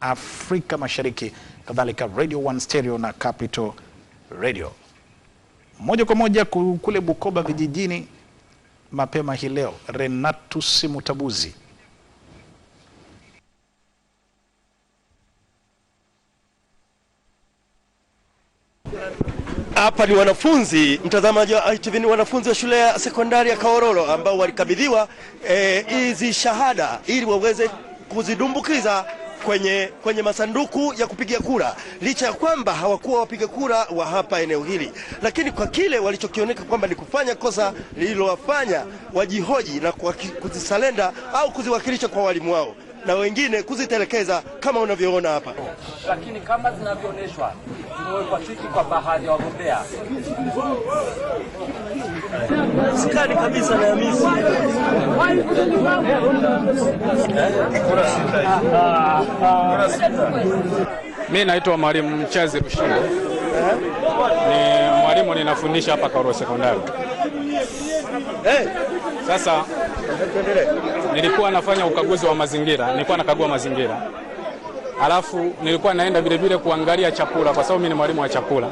Afrika Mashariki, kadhalika Radio One Stereo na Capital Radio. Moja kwa moja kule Bukoba vijijini mapema hii leo, Renatus Mutabuzi Hapa ni wanafunzi mtazamaji wa ITV, ni wanafunzi wa shule ya sekondari ya Kaororo ambao walikabidhiwa eh, hizi e, shahada ili waweze kuzidumbukiza kwenye, kwenye masanduku ya kupiga kura, licha ya kwamba hawakuwa wapiga kura wa hapa eneo hili, lakini kwa kile walichokioneka kwamba ni kufanya kosa lililowafanya wajihoji na kuzisalenda au kuziwakilisha kwa walimu wao na wengine kuzitelekeza kama unavyoona hapa, lakini kama zinavyoonyeshwa zimewekwa tiki kwa baadhi ya wagombea. Sikani kabisa na Hamisi. Mimi naitwa Mwalimu Mchazi Rushingo, ni mwalimu ninafundisha hapa Kauro Sekondari. Sasa nilikuwa nafanya ukaguzi wa mazingira, nilikuwa nakagua mazingira, alafu nilikuwa naenda vilevile kuangalia chakula, kwa sababu mimi ni mwalimu wa chakula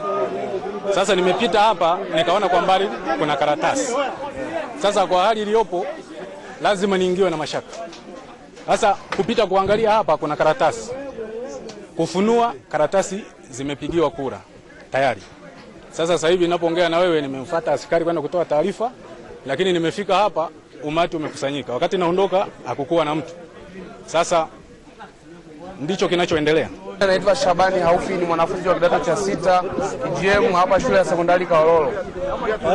sasa nimepita hapa nikaona kwa mbali kuna karatasi. Sasa kwa hali iliyopo lazima niingiwe na mashaka. Sasa kupita kuangalia hapa kuna karatasi. Kufunua karatasi zimepigiwa kura tayari. Sasa sasa hivi ninapoongea na wewe nimemfuata askari kwenda kutoa taarifa, lakini nimefika hapa umati umekusanyika. Wakati naondoka hakukuwa na mtu. Sasa ndicho kinachoendelea. Naitwa Shabani Haufi, ni mwanafunzi wa kidato cha sita GM hapa shule ya sekondari Kaololo.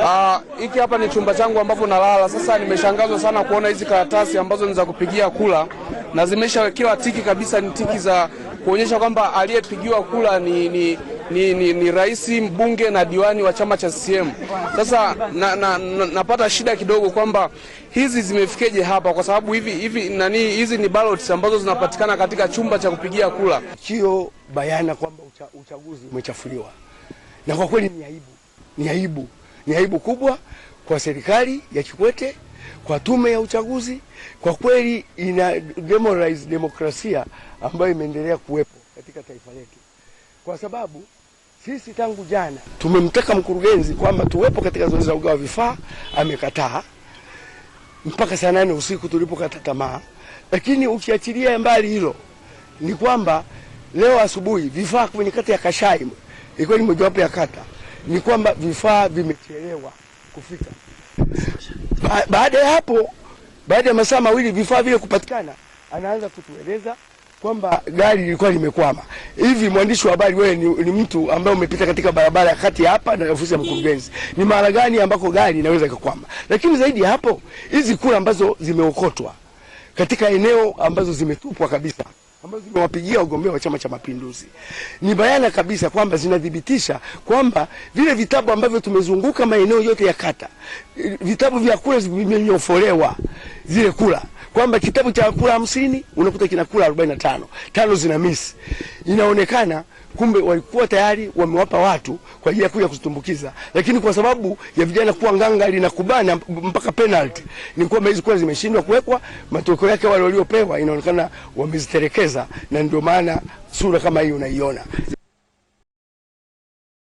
Ah, hiki hapa ni chumba changu ambapo nalala sasa. Nimeshangazwa sana kuona hizi karatasi ambazo ni za kupigia kula na zimeshawekewa tiki kabisa, ni tiki za kuonyesha kwamba aliyepigiwa kula ni, ni ni, ni, ni rais, mbunge na diwani wa chama cha CCM. Sasa na, na, na, napata shida kidogo kwamba hizi zimefikeje hapa, kwa sababu hivi hivi nani hizi ni ballots ambazo zinapatikana katika chumba cha kupigia kula. Kio bayana kwamba uchaguzi umechafuliwa, na kwa kweli ni aibu, ni aibu, ni aibu kubwa kwa serikali ya Kikwete, kwa tume ya uchaguzi. Kwa kweli ina demoralize demokrasia ambayo imeendelea kuwepo katika taifa letu kwa sababu sisi tangu jana tumemtaka mkurugenzi kwamba tuwepo katika zoezi la ugawa vifaa, amekataa mpaka saa nane usiku tulipokata tamaa. Lakini ukiachilia mbali hilo, ni kwamba leo asubuhi vifaa kwenye kata ya Kashai, ilikuwa ni mojawapo ya kata, ni kwamba vifaa vimechelewa kufika. Ba baada ya hapo, baada ya masaa mawili vifaa vile kupatikana, anaanza kutueleza kwamba gari lilikuwa limekwama. Hivi mwandishi wa habari, wewe ni, ni mtu ambaye umepita katika barabara kati ya hapa na ofisi ya mkurugenzi, ni mara gani ambako gari inaweza ikakwama? Lakini zaidi ya hapo, hizi kura ambazo zimeokotwa katika eneo ambazo zimetupwa kabisa ambazo zimewapigia wagombea wa Chama cha Mapinduzi ni bayana kabisa kwamba zinathibitisha kwamba vile vitabu ambavyo tumezunguka maeneo yote ya kata, vitabu vya kura vimenyofolewa zile kura kwamba kitabu cha kula hamsini unakuta kina arobaini na tano tano zina misi. Inaonekana kumbe walikuwa tayari wamewapa watu kwa ajili ya kuja kuzitumbukiza, lakini kwa sababu ya vijana kuwa nganga linakubana mpaka penalty, ni kwamba hizi kula zimeshindwa kuwekwa. Matokeo yake wale waliopewa inaonekana wameziterekeza, na ndio maana sura kama hii unaiona.